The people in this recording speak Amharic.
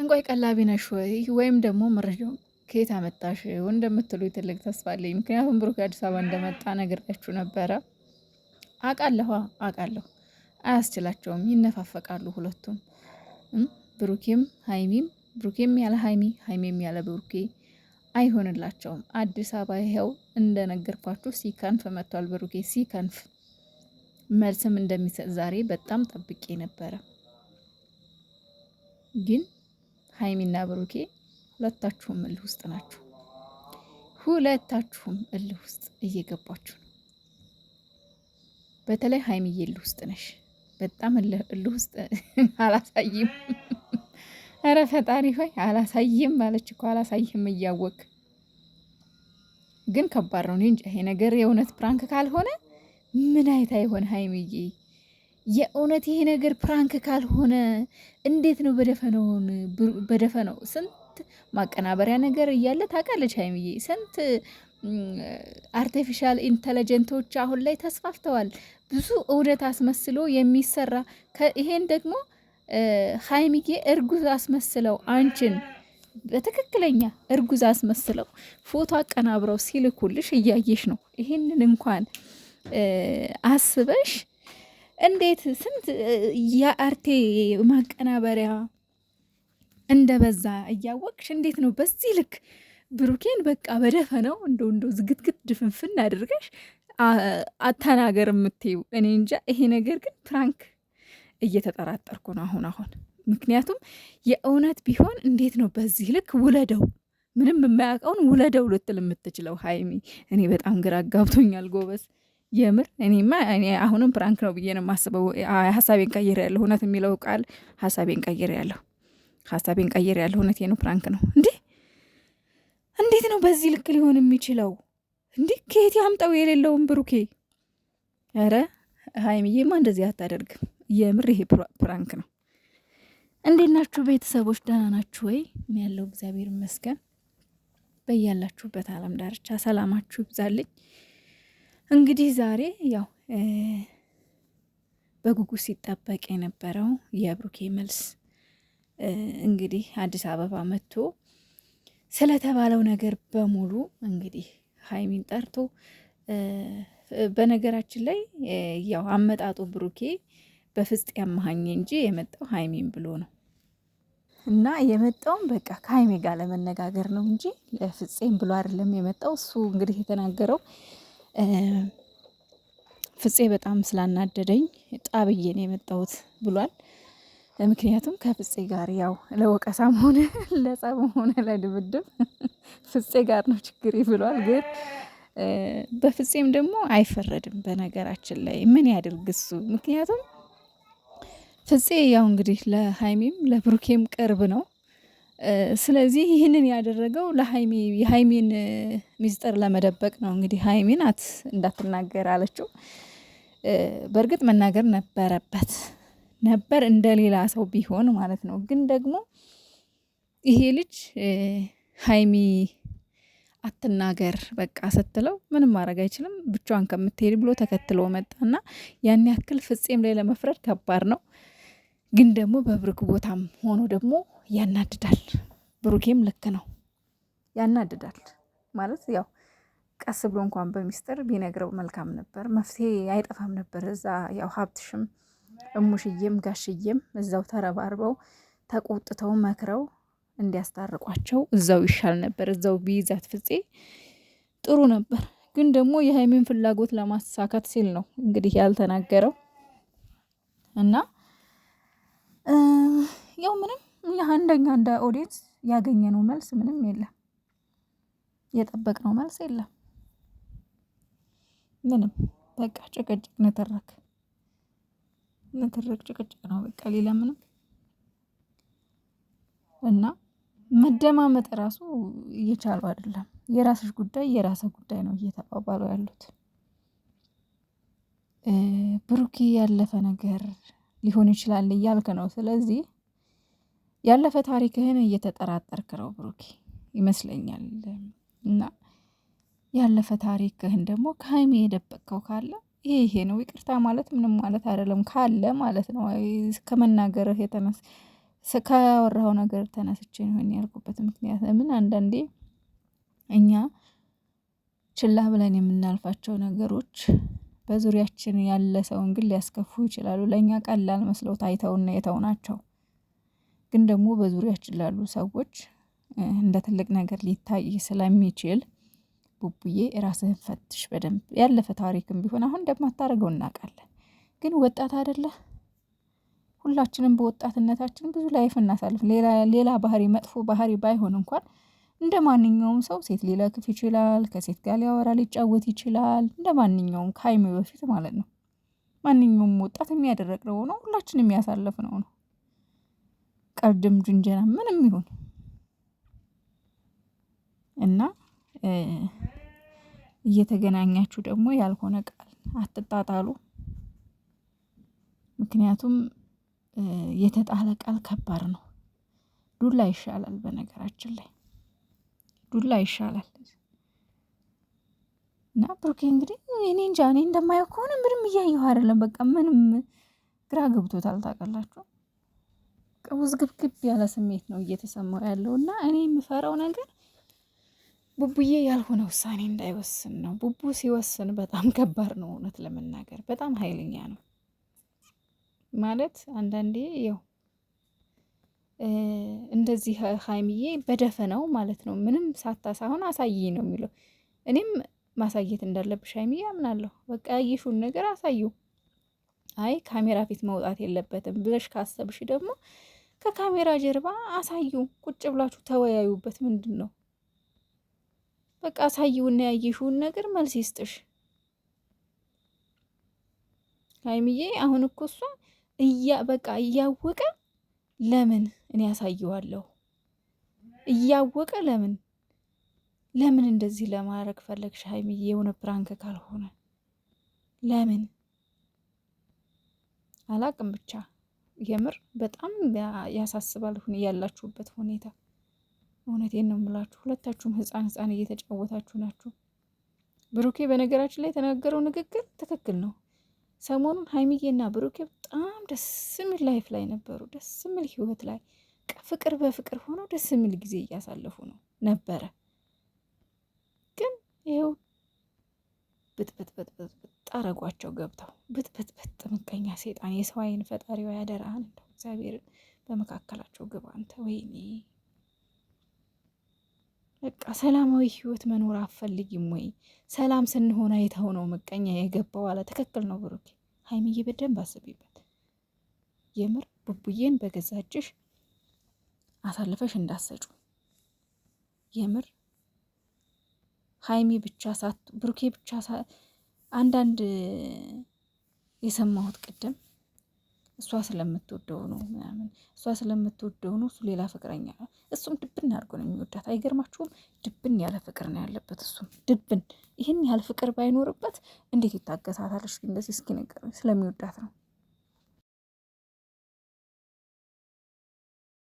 እንቋይ ቀላቢ ነሽ ወይ ወይም ደግሞ መረጃውን ከየት አመጣሽ እንደምትሉ ትልቅ ተስፋ አለኝ። ምክንያቱም ብሩክ አዲስ አበባ እንደመጣ ነግሬያችሁ ነበረ። አውቃለሁ አቃለሁ አያስችላቸውም፣ ይነፋፈቃሉ ሁለቱም፣ ብሩኬም ሀይሚም፣ ብሩኬም ያለ ሀይሚ፣ ሀይሚም ያለ ብሩኬ አይሆንላቸውም። አዲስ አበባ ይኸው እንደነገርኳችሁ ሲከንፍ መጥቷል። ብሩኬ ሲከንፍ መልስም እንደሚሰጥ ዛሬ በጣም ጠብቄ ነበረ ግን ሀይሚና ብሩኬ ሁለታችሁም እልህ ውስጥ ናችሁ። ሁለታችሁም እልህ ውስጥ እየገባችሁ ነው። በተለይ ሀይሚዬ እልህ ውስጥ ነሽ። በጣም እልህ ውስጥ አላሳይም። ኧረ ፈጣሪ ሆይ አላሳይም ማለች እኮ አላሳይም እያወቅ ግን ከባድ ነው። እኔ እንጃ ይሄ ነገር የእውነት ፕራንክ ካልሆነ ምን አይታ ይሆን ሀይሚዬ? የእውነት ይሄ ነገር ፕራንክ ካልሆነ እንዴት ነው በደፈነውን በደፈነው ስንት ማቀናበሪያ ነገር እያለ ታውቃለች ሀይምዬ ስንት አርቲፊሻል ኢንተለጀንቶች አሁን ላይ ተስፋፍተዋል። ብዙ እውነት አስመስሎ የሚሰራ ይሄን ደግሞ ሀይሚዬ እርጉዝ አስመስለው አንቺን በትክክለኛ እርጉዝ አስመስለው ፎቶ አቀናብረው ሲልኩልሽ እያየሽ ነው። ይሄንን እንኳን አስበሽ እንዴት ስንት የአርቴ ማቀናበሪያ እንደበዛ እያወቅሽ እንዴት ነው በዚህ ልክ ብሩኬን በቃ በደፈ ነው እንደ እንደ ዝግትግት ድፍንፍን አድርገሽ አተናገር የምትይው? እኔ እንጃ። ይሄ ነገር ግን ፕራንክ እየተጠራጠርኩ ነው አሁን አሁን። ምክንያቱም የእውነት ቢሆን እንዴት ነው በዚህ ልክ ውለደው ምንም የማያውቀውን ውለደው ልትል የምትችለው ሀይሚ? እኔ በጣም ግራ ጋብቶኛል ጎበዝ። የምር እኔማ እኔ አሁንም ፕራንክ ነው ብዬ ነው የማስበው። ሀሳቤን ቀይር ያለሁ እውነት የሚለው ቃል ሀሳቤን ቀይር ያለሁ ሀሳቤን ቀይር ያለሁ እውነት ነው። ፕራንክ ነው እንዴ? እንዴት ነው በዚህ ልክ ሊሆን የሚችለው? እንዴ ከየት ያምጠው የሌለውም ብሩኬ። ኧረ ሀይሚዬማ እንደዚህ አታደርግም። የምር ይሄ ፕራንክ ነው። እንዴት ናችሁ ቤተሰቦች? ደህና ናችሁ ወይ? ያለው እግዚአብሔር ይመስገን። በያላችሁበት አለም ዳርቻ ሰላማችሁ ይብዛልኝ። እንግዲህ ዛሬ ያው በጉጉት ሲጠበቅ የነበረው የብሩኬ መልስ እንግዲህ አዲስ አበባ መጥቶ ስለተባለው ነገር በሙሉ እንግዲህ ሀይሚን ጠርቶ በነገራችን ላይ ያው አመጣጡ ብሩኬ በፍጽ ያመሀኝ እንጂ የመጣው ሀይሚን ብሎ ነው እና የመጣውም በቃ ከሀይሜ ጋር ለመነጋገር ነው እንጂ ለፍፄም ብሎ አይደለም የመጣው። እሱ እንግዲህ የተናገረው ፍፄ በጣም ስላናደደኝ ጣብዬ ነው የመጣሁት ብሏል። ምክንያቱም ከፍፄ ጋር ያው ለወቀሳም ሆነ ለጸብ ሆነ ለድብድብ ፍፄ ጋር ነው ችግሬ ብሏል። ግን በፍፄም ደግሞ አይፈረድም። በነገራችን ላይ ምን ያድርግ እሱ ምክንያቱም ፍፄ ያው እንግዲህ ለሀይሚም ለብሩኬም ቅርብ ነው ስለዚህ ይህንን ያደረገው ለሀይሚ የሀይሚን ሚስጥር ለመደበቅ ነው። እንግዲህ ሀይሚን አት እንዳትናገር አለችው። በእርግጥ መናገር ነበረበት ነበር እንደ ሌላ ሰው ቢሆን ማለት ነው። ግን ደግሞ ይሄ ልጅ ሀይሚ አትናገር በቃ ስትለው ምንም ማድረግ አይችልም ብቻዋን ከምትሄድ ብሎ ተከትሎ መጣና ያን ያክል ፍጼም ላይ ለመፍረድ ከባድ ነው። ግን ደግሞ በብሩክ ቦታም ሆኖ ደግሞ ያናድዳል። ብሩኬም ልክ ነው፣ ያናድዳል ማለት ያው ቀስ ብሎ እንኳን በሚስጥር ቢነግረው መልካም ነበር፣ መፍትሄ አይጠፋም ነበር። እዛ ያው ሀብትሽም እሙሽዬም ጋሽዬም እዛው ተረባርበው ተቆጥተው መክረው እንዲያስታርቋቸው እዛው ይሻል ነበር። እዛው ቢይዛት ፍፄ ጥሩ ነበር። ግን ደግሞ የሀይሚን ፍላጎት ለማሳካት ሲል ነው እንግዲህ ያልተናገረው እና ያው ምንም እኛ አንደኛ እንደ ኦዲየንስ ያገኘነው መልስ ምንም የለም፣ የጠበቅነው መልስ የለም። ምንም በቃ ጭቅጭቅ፣ ንትርክ፣ ንትርክ፣ ጭቅጭቅ ነው በቃ ሌላ ምንም እና መደማመጥ ራሱ እየቻሉ አይደለም። የራስሽ ጉዳይ የራሰ ጉዳይ ነው እየተባባሉ ያሉት ብሩኬ ያለፈ ነገር ሊሆን ይችላል እያልክ ነው። ስለዚህ ያለፈ ታሪክህን እየተጠራጠርክ ነው ብሩኬ ይመስለኛል። እና ያለፈ ታሪክህን ደግሞ ከሀይሚ የደበቅከው ካለ ይሄ ይሄ ነው ይቅርታ ማለት ምንም ማለት አይደለም ካለ ማለት ነው ከመናገርህ የተነስ ከወራኸው ነገር ተነስቼ ነው ያልኩበት ምክንያት ለምን አንዳንዴ እኛ ችላ ብለን የምናልፋቸው ነገሮች በዙሪያችን ያለ ሰውን ግን ሊያስከፉ ይችላሉ። ለእኛ ቀላል መስለው ታይተውና የተው ናቸው። ግን ደግሞ በዙሪያችን ላሉ ሰዎች እንደ ትልቅ ነገር ሊታይ ስለሚችል ቡቡዬ ራስህን ፈትሽ በደንብ። ያለፈ ታሪክም ቢሆን አሁን እንደማታደርገው እናውቃለን። ግን ወጣት አይደለህ? ሁላችንም በወጣትነታችን ብዙ ላይፍ እናሳልፍ። ሌላ ባህሪ መጥፎ ባህሪ ባይሆን እንኳን እንደ ማንኛውም ሰው ሴት ሊለክፍ ይችላል። ከሴት ጋር ሊያወራ ሊጫወት ይችላል። እንደ ማንኛውም ከአይሜ በፊት ማለት ነው። ማንኛውም ወጣት የሚያደረግነው ነው። ሁላችን የሚያሳልፍ ነው ነው ቀርድም ጅንጀና ምንም ይሁን እና እየተገናኛችሁ ደግሞ ያልሆነ ቃል አትጣጣሉ። ምክንያቱም የተጣለ ቃል ከባድ ነው። ዱላ ይሻላል በነገራችን ላይ ዱላ ይሻላል። እና ብሩኬ እንግዲህ እኔ እንጃ እኔ እንደማየው ከሆነ ምንም እያየሁ አይደለም። በቃ ምንም ግራ ገብቶታል። ታውቃላችሁ ውዝግብግብ ያለ ስሜት ነው እየተሰማው ያለው እና እኔ የምፈራው ነገር ቡቡዬ ያልሆነ ውሳኔ እንዳይወስን ነው። ቡቡ ሲወስን በጣም ከባድ ነው። እውነት ለመናገር በጣም ኃይለኛ ነው ማለት አንዳንዴ ያው እንደዚህ ሀይሚዬ በደፈነው ማለት ነው ምንም ሳታ ሳይሆን አሳይ ነው የሚለው። እኔም ማሳየት እንዳለብሽ ሀይሚዬ አምናለሁ። በቃ ያየሽውን ነገር አሳዩ። አይ ካሜራ ፊት መውጣት የለበትም ብለሽ ካሰብሽ ደግሞ ከካሜራ ጀርባ አሳዩ። ቁጭ ብላችሁ ተወያዩበት። ምንድን ነው በቃ አሳይውና ያየሽውን ነገር መልስ ይስጥሽ ሀይሚዬ። አሁን እኮ እሷ እያ በቃ እያወቀ ለምን እኔ ያሳየዋለሁ እያወቀ ለምን ለምን እንደዚህ ለማድረግ ፈለግሽ ሀይሚዬ? የሆነ ፕራንክ ካልሆነ ለምን አላቅም። ብቻ የምር በጣም ያሳስባል ያላችሁበት ሁኔታ። እውነቴን ነው የምላችሁ፣ ሁለታችሁም ህፃን ህፃን እየተጫወታችሁ ናችሁ። ብሩኬ በነገራችን ላይ የተናገረው ንግግር ትክክል ነው። ሰሞኑን ሀይሚዬና ብሩኬ በጣም ደስ የሚል ላይፍ ላይ ነበሩ። ደስ የሚል ህይወት ላይ ፍቅር በፍቅር ሆኖ ደስ የሚል ጊዜ እያሳለፉ ነው ነበረ። ግን ይኸው ብጥብጥብጥብጥ አረጓቸው ገብተው ብጥብጥብጥ። ምቀኛ ሴጣን፣ የሰው አይን ፈጣሪው ያደራህን እንደው እግዚአብሔርን በመካከላቸው ግባ አንተ። ወይኔ በቃ ሰላማዊ ህይወት መኖር አትፈልጊም ወይ? ሰላም ስንሆን አይተው ነው ምቀኛ የገባው አለ። ትክክል ነው ብሩኬ። ሀይሚዬ በደንብ አስቢበት። የምር ቡቡዬን በገዛ እጅሽ አሳልፈሽ እንዳሰጩ የምር ሀይሚ ብቻ ሳት ብሩኬ ብቻ አንዳንድ የሰማሁት ቅድም እሷ ስለምትወደው ነው ምናምን እሷ ስለምትወደው ነው እሱ ሌላ ፍቅረኛ እሱም ድብን አድርጎ ነው የሚወዳት። አይገርማችሁም? ድብን ያለ ፍቅር ነው ያለበት። እሱም ድብን ይህን ያህል ፍቅር ባይኖርበት እንዴት ይታገሳታል? እንደዚህ እስኪ ነገር ስለሚወዳት ነው።